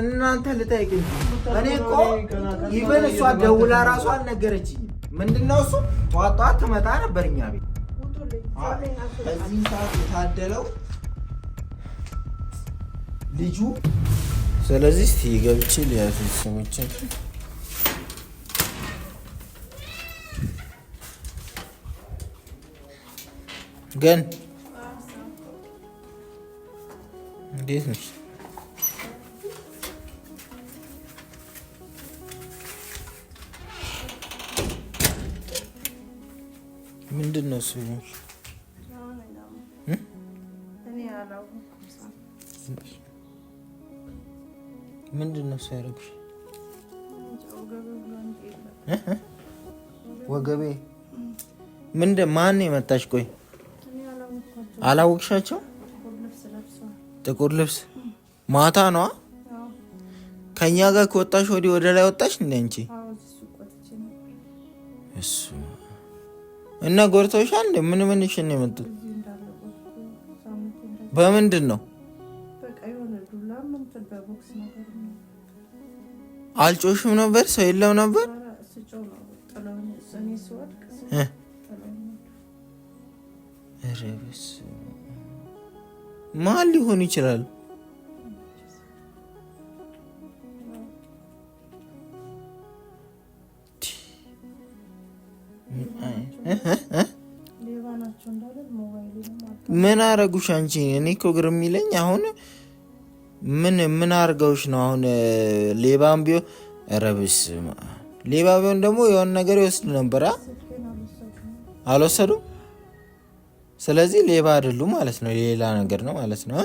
እናንተ ልጠይቅኝ። እኔ እኮ ይበል እሷ ደውላ ራሷ አልነገረችኝም። ምንድን ነው እሱ ጠዋት ጠዋት ትመጣ ነበር እኛ ቤት በዚህ ሰዓት የታደለው ልጁ። ስለዚህ እስኪ ገብቼ ሊያዙ ሰዎችን ግን እንዴት ነሽ? ምንድን ነው እሱ? ምንድን ነው እሱ ያደረግሽ? ወገቤ ምንድን ማን የመታሽ? ቆይ አላወቅሻቸው ጥቁር ልብስ ማታ ነዋ። ከእኛ ጋር ከወጣሽ ወዲህ ወደ ላይ ወጣሽ እንደ አንቺ እሱ እና ጎድተውሻል እንደ ምን ምን ሽን የመጡት? በምንድን ነው አልጮሽም ነበር? ሰው የለም ነበር? ረብስ ማን ሊሆን ይችላል? ምን አረጉሽ አንቺ? እኔ እኮ ግር የሚለኝ አሁን ምን ምን አርገውሽ ነው አሁን? ሌባም ቢሆን ረብስ ሌባ ቢሆን ደግሞ የሆነ ነገር ይወስድ ነበረ። አልወሰዱም ስለዚህ ሌባ አይደሉም ማለት ነው። ሌላ ነገር ነው ማለት ነው።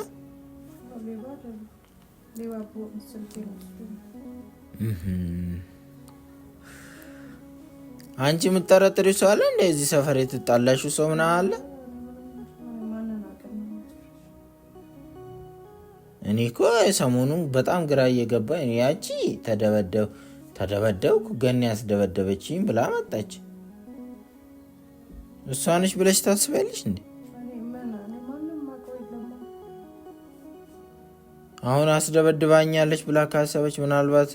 አንቺ የምጠረጥሪ ሰው አለ? እንደዚህ ሰፈር የትጣላሹ ሰው ምናምን አለ? እኔ እኮ ሰሞኑን በጣም ግራ እየገባ ያቺ ተደበደብ ተደበደብኩ ገና ያስደበደበችኝ ብላ መጣች። እሷ ነች ብለሽ ታስበልሽ እንዴ? አሁን አስደበድባኛለች ብላ ካሰበች ምናልባት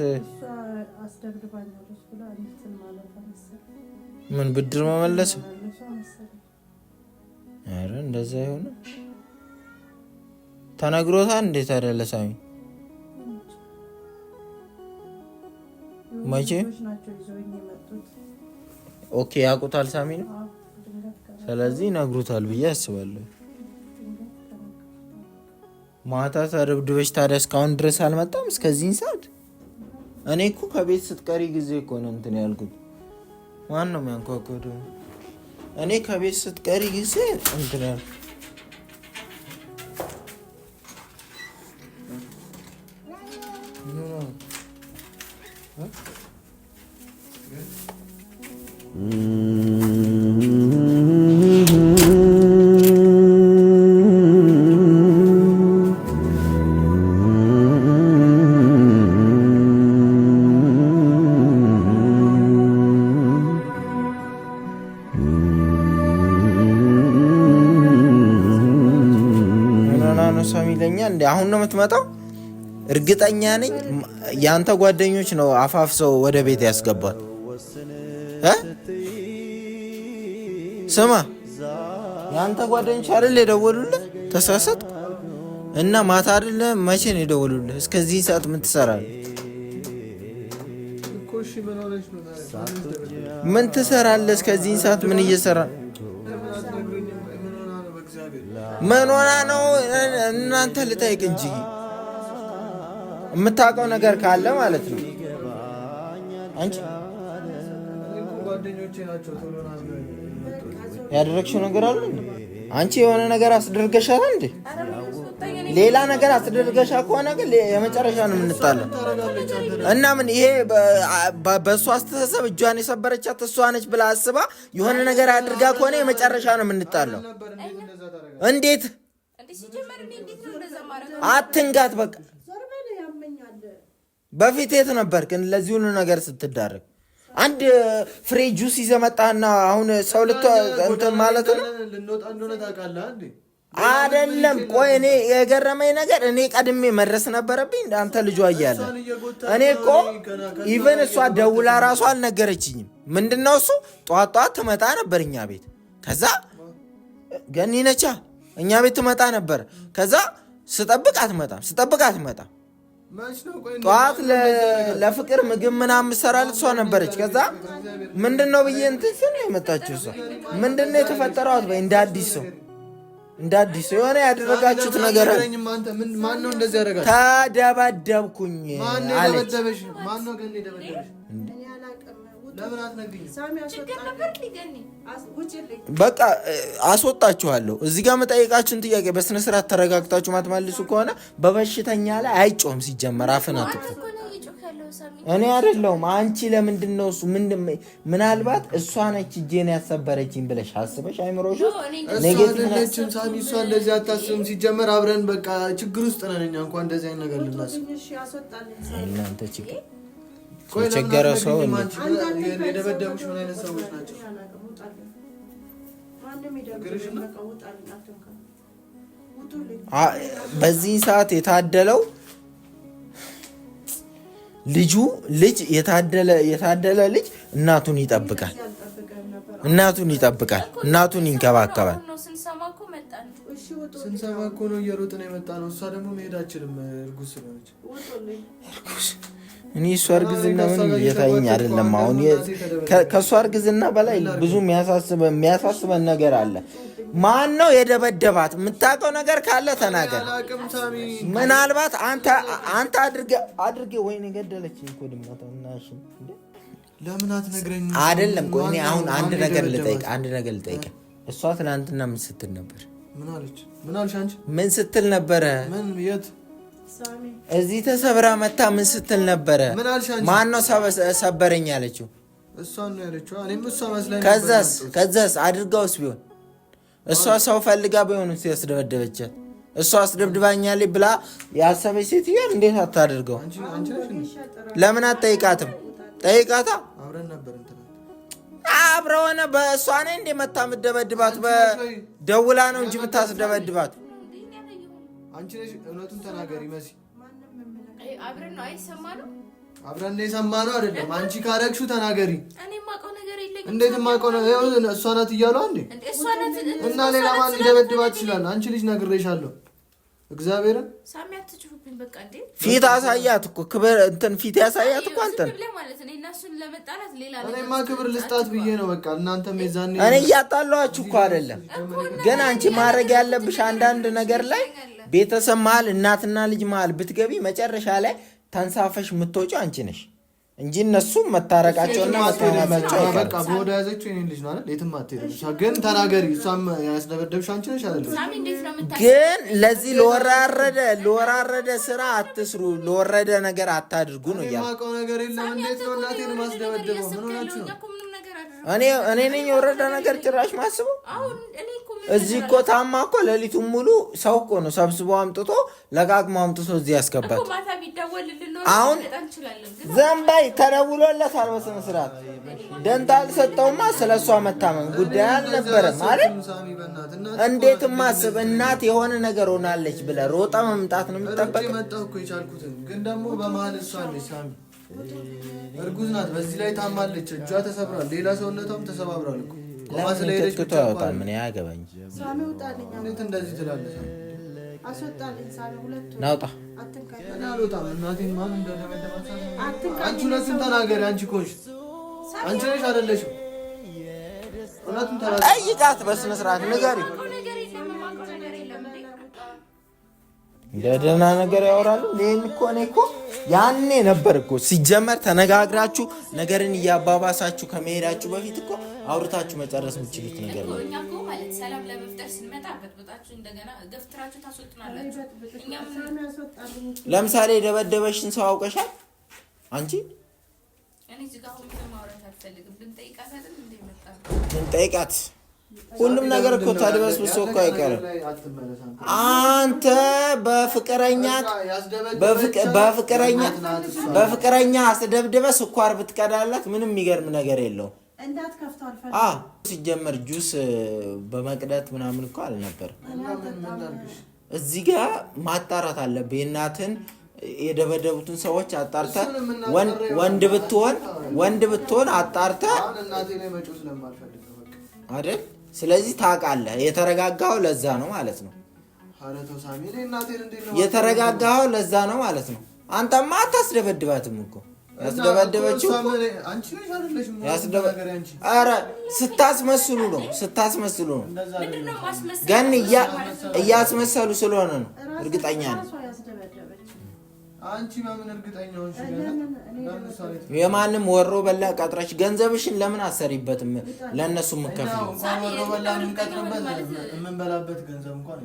ምን ብድር መመለስ ኧረ እንደዛ የሆነ ተነግሮታል። እንዴት አይደለ ሳሚ መቼ ኦኬ ያውቁታል። ሳሚ ነው ስለዚህ ይነግሩታል ብዬ አስባለሁ። ማታ ተደብድበሽ ታዲያ እስካሁን ድረስ አልመጣም? እስከዚህን ሰዓት እኔ እኮ ከቤት ስትቀሪ ጊዜ እኮ ነው እንትን ያልኩት። ማን ነው የሚያንኳኳው? እኔ ከቤት ስትቀሪ ጊዜ እንትን ያልኩት አሁን ነው የምትመጣው? እርግጠኛ ነኝ የአንተ ጓደኞች ነው አፋፍሰው ወደ ቤት ያስገባል። ስማ የአንተ ጓደኞች አይደል የደወሉልህ? ተሳሳት እና ማታ አይደለ መቼ ነው የደወሉልህ? እስከዚህ ሰዓት ምን ትሰራለህ? ምን ትሰራለህ? እስከዚህን ሰዓት ምን እየሰራ መኖና ነው እናንተ ልጠይቅ እንጂ የምታውቀው ነገር ካለ ማለት ነው። አንቺ ያደረግሽው ነገር አለ አንቺ የሆነ ነገር አስደርገሻል እንዴ? ሌላ ነገር አስደርገሻ ከሆነ ግን የመጨረሻ ነው የምንጣለው። እና ምን ይሄ በእሷ አስተሳሰብ እጇን የሰበረቻት እሷ ነች ብላ አስባ የሆነ ነገር አድርጋ ከሆነ የመጨረሻ ነው የምንጣለው። እንዴት አትንጋት። በቃ በፊት የት ግን ለዚህ ሁሉ ነገር ስትዳረግ? አንድ ፍሬ ጁስ ይዘህ መጣህና አሁን ሰው እንትን ማለት ነው። አይደለም ቆይ፣ እኔ የገረመኝ ነገር እኔ ቀድሜ መድረስ ነበረብኝ። አንተ ልጇ እያለ እኔ እኮ ኢቨን እሷ ደውላ ራሷ አልነገረችኝም። ምንድነው እሱ ጠዋት ጠዋት ትመጣ ነበር እኛ ቤት። ከዛ ገኒ ነቻ እኛ ቤት ትመጣ ነበር። ከዛ ስጠብቅ አትመጣም፣ ስጠብቅ አትመጣም። ጠዋት ለፍቅር ምግብ ምናምን ምሰራል እሷ ነበረች። ከዛ ምንድን ነው ብዬ እንትን ስል ነው የመጣችው እሷ። ምንድን ነው የተፈጠረው አትበይ። እንደ አዲስ ሰው እንደ አዲስ ሰው የሆነ ያደረጋችሁት ነገር ተደባደብኩኝ። በቃ አስወጣችኋለሁ። እዚህ ጋር መጠየቃችሁን ጥያቄ በስነ ስርዓት ተረጋግታችሁ ማትመልሱ ከሆነ በበሽተኛ ላይ አይጮም። ሲጀመር አፍን አትክፈት። እኔ አይደለሁም። አንቺ ለምንድን ነው እሱ ምናልባት እሷ ነች እጄን ያሰበረችኝ ብለሽ አስበሽ አይምሮሽ ኔጌቲቭ ሳሚ፣ እሷ እንደዚህ አታስብም። ሲጀመር አብረን በቃ ችግር ውስጥ ነን እኛ እንኳን እንደዚህ አይነት ነገር ልናስብ እናንተ ችግር የቸገረ ሰው በዚህ ሰዓት የታደለው ልጁ ልጅ የታደለ ልጅ እናቱን ይጠብቃል፣ እናቱን ይጠብቃል፣ እናቱን ይንከባከባል። ስንሰማ እኮ ነው እየሮጥን የመጣ ነው። እሷ ደግሞ መሄድ አችልም እርጉዝ ስለሆነች። እኔ እሷ እርግዝና ምን እየታየኝ አይደለም። አሁን ከእሷ እርግዝና በላይ ብዙ የሚያሳስበን ነገር አለ። ማን ነው የደበደባት? የምታውቀው ነገር ካለ ተናገር። ምናልባት አንተ አድርጌ አድርጌ ወይን የገደለች እኮ ድመቷ አይደለም ቆይ እኔ አሁን አንድ ነገር ልጠይቅ፣ አንድ ነገር ልጠይቅ። እሷ ትናንትና ምን ስትል ነበር? ምን ስትል ነበረ? እዚህ ተሰብራ መታ ምን ስትል ነበረ? ማን ነው ሰበረኝ ያለችው? ከዛስ ከዛስ አድርጋውስ ቢሆን እሷ ሰው ፈልጋ ቢሆን ያስደበደበቻት እሷ አስደብድባኛለች ብላ ያሰበች ሴትዮዋ እንዴት አታደርገው? ለምን አትጠይቃትም? ጠይቃታ አብረው ነበር እሷ እኔ እንደ መታ ምደበድባት ደውላ ነው እንጂ የምታስደበድባት። አንቺ ነሽ እውነቱን ተናገሪ መሲ። አብረን ነው አይደለም። አንቺ ካረግሹ ተናገሪ። እንዴት የማውቀው ነገር እሷ ናት እያሉ እና ሌላ ማን ሊደበድባት ይችላል? አንቺ ልጅ ነግሬሻለሁ እግዚአብሔርን ፊት አሳያት እኮ ክብር እንትን ፊት ያሳያት እኮ አንተን እኔማ ክብር ልስጣት ብዬ ነው። በቃ እናንተም የዛኔ እኔ እያጣለዋችሁ እኮ አይደለም፣ ግን አንቺ ማድረግ ያለብሽ አንዳንድ ነገር ላይ ቤተሰብ መሀል፣ እናትና ልጅ መሀል ብትገቢ መጨረሻ ላይ ተንሳፈሽ የምትወጪው አንቺ ነሽ። እንጂ እነሱ መታረቃቸውና መተማመጫው በቃ በወደ ያዘችው የእኔን ልጅ ነው የትም አትሄድም። ግን ተናገሪ። እሷም ያስደበደብሽ አንቺ ነሽ ግን ለዚህ ለወራረደ ለወራረደ ስራ አትስሩ፣ ለወረደ ነገር አታድርጉ ነው እያልኩ ነገር የለም። እንዴት ነው እናቴን ማስደበደበው? ምን ሆናችሁ ነው? እኔ ነኝ የወረደ ነገር ጭራሽ ማስበው እዚህ እኮ ታማ እኮ ሌሊቱን ሙሉ ሰው እኮ ነው ሰብስቦ አምጥቶ ለቃቅሞ አምጥቶ እዚህ ያስገባት። አሁን ዘንባይ በይ ተደውሎለታል። በስነ ስርዓት ደንታ አልሰጠውማ። ስለ እሷ መታመም ጉዳይ አልነበረም ማለት እንዴትም አስብ። እናት የሆነ ነገር ሆናለች ብለ ሮጠ መምጣት ነው የምጠበቅ። ግን ደግሞ በመሀል እሷ እርጉዝ ናት፣ በዚህ ላይ ታማለች፣ እጇ ተሰብሯል፣ ሌላ ሰውነቷም ተሰባብሯል እኮ ቀጥቅጦ ያወጣል። ምን ያገባኝ? ጠይቃት በስነ ስርዓት ንገሪ። ደህና ነገር ያወራሉ። ይህን እኮ እኔ እኮ ያኔ ነበር እኮ ሲጀመር ተነጋግራችሁ ነገርን እያባባሳችሁ ከመሄዳችሁ በፊት እኮ አውርታችሁ መጨረስ የምትችሉት ነገር ነው። እኛ እኮ ማለት ሰላም ለመፍጠር ስንመጣ በጥብጣችሁ እንደገና ገፍትራችሁ ታስወጥናላችሁ። ለምሳሌ የደበደበሽን ሰው አውቀሻል አንቺ? ብንጠይቃት ሁሉም ነገር እኮ ታድበስ ብሶ እኮ አይቀርም። አንተ በፍቅረኛ በፍቅረኛ በፍቅረኛ አስደብድበ ስኳር ብትቀዳላት ምንም የሚገርም ነገር የለውም። ሲጀመር ጁስ በመቅደት ምናምን እኮ አልነበር። እዚህ ጋ ማጣራት አለብህ። እናትን የደበደቡትን ሰዎች አጣርተ ወንድ ብትሆን ወንድ ብትሆን አጣርተ አይደል? ስለዚህ ታውቃለህ። የተረጋጋው ለዛ ነው ማለት ነው። የተረጋጋው ለዛ ነው ማለት ነው። አንተማ አታስደበድባትም እኮ ያስደበደበችው ኧረ ስታስመስሉ ነው፣ ስታስመስሉ ነው። ግን እያስመሰሉ ስለሆነ ነው። እርግጠኛ ነው። የማንም ወሮ በላ ቀጥረሽ ገንዘብሽን ለምን አሰሪበትም? ለእነሱ የምከፍለው ወሮ በላ የምንበላበት ገንዘብ እንኳን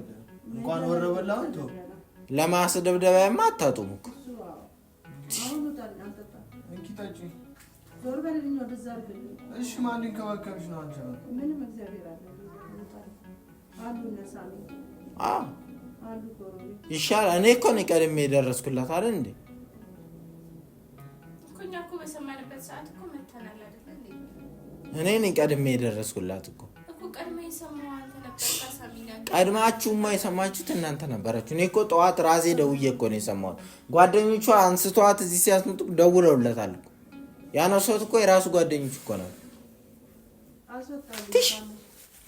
እንኳን ወሮ በላ ለማስደብደቢያማ ስትታጭ ዞር በልልኝ ወደዛ። እሺ ማን ሊንከባከብሽ ነው? አንቺ ምንም እግዚአብሔር አለ አሉ ይሻላል። እኔ እኮ ነው ቀድሜ የደረስኩላት እንዴ? አይደል እንዴ? እኔ ነኝ ቀድሜ የደረስኩላት እኮ እኮ ቀድሜ የሰማሁ ቀድማችሁ የማይሰማችሁት እናንተ ነበራችሁ። እኔ እኮ ጠዋት ራሴ ደውዬ እኮ ነው የሰማሁት። ጓደኞቹ አንስተዋት እዚህ ሲያስመጡ ደውለውለታል። ያነሷት እኮ የራሱ ጓደኞች እኮ ነው።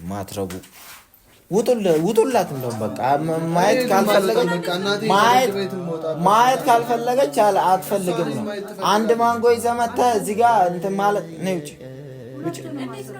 ማትረቡ ውጡላት። እንደውም በቃ ማየት ካልፈለገች ማየት ካልፈለገች አትፈልግም ነው። አንድ ማንጎ ይዘህ መተህ እዚህ ጋር እንትን ማለት ነው። ውጭ ውጭ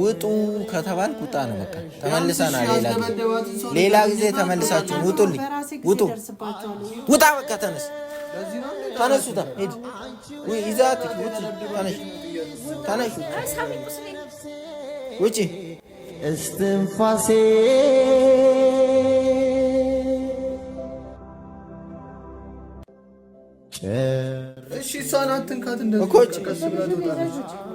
ውጡ ከተባል ውጣ ነው በቃ። ተመልሰና ሌላ ጊዜ ሌላ ጊዜ ተመልሳችሁ ውጡልኝ። ውጡ ውጣ በቃ ተነስ፣ ተነሱ። ሂድ ይዛት ተነሽ፣ ተነሽ፣ ውጪ እስትንፋሴ እሺ፣ እሷን አትንካት እንደዚህ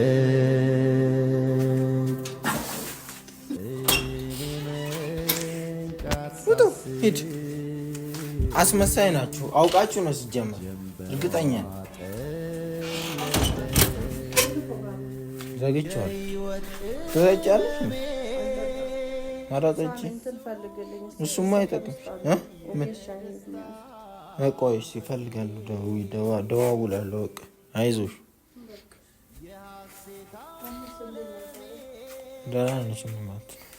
አስመሳይ ናችሁ። አውቃችሁ ነው ሲጀምር፣ እርግጠኛ ነው። ዘግቼዋለሁ። ትጠጪያለሽ? ኧረ ጠጪ። እሱማ አይጠቅም። እቆይሽ ይፈልጋሉ። ደዋውላለሁ። በቃ አይዞሽ። ደህና ነሽ?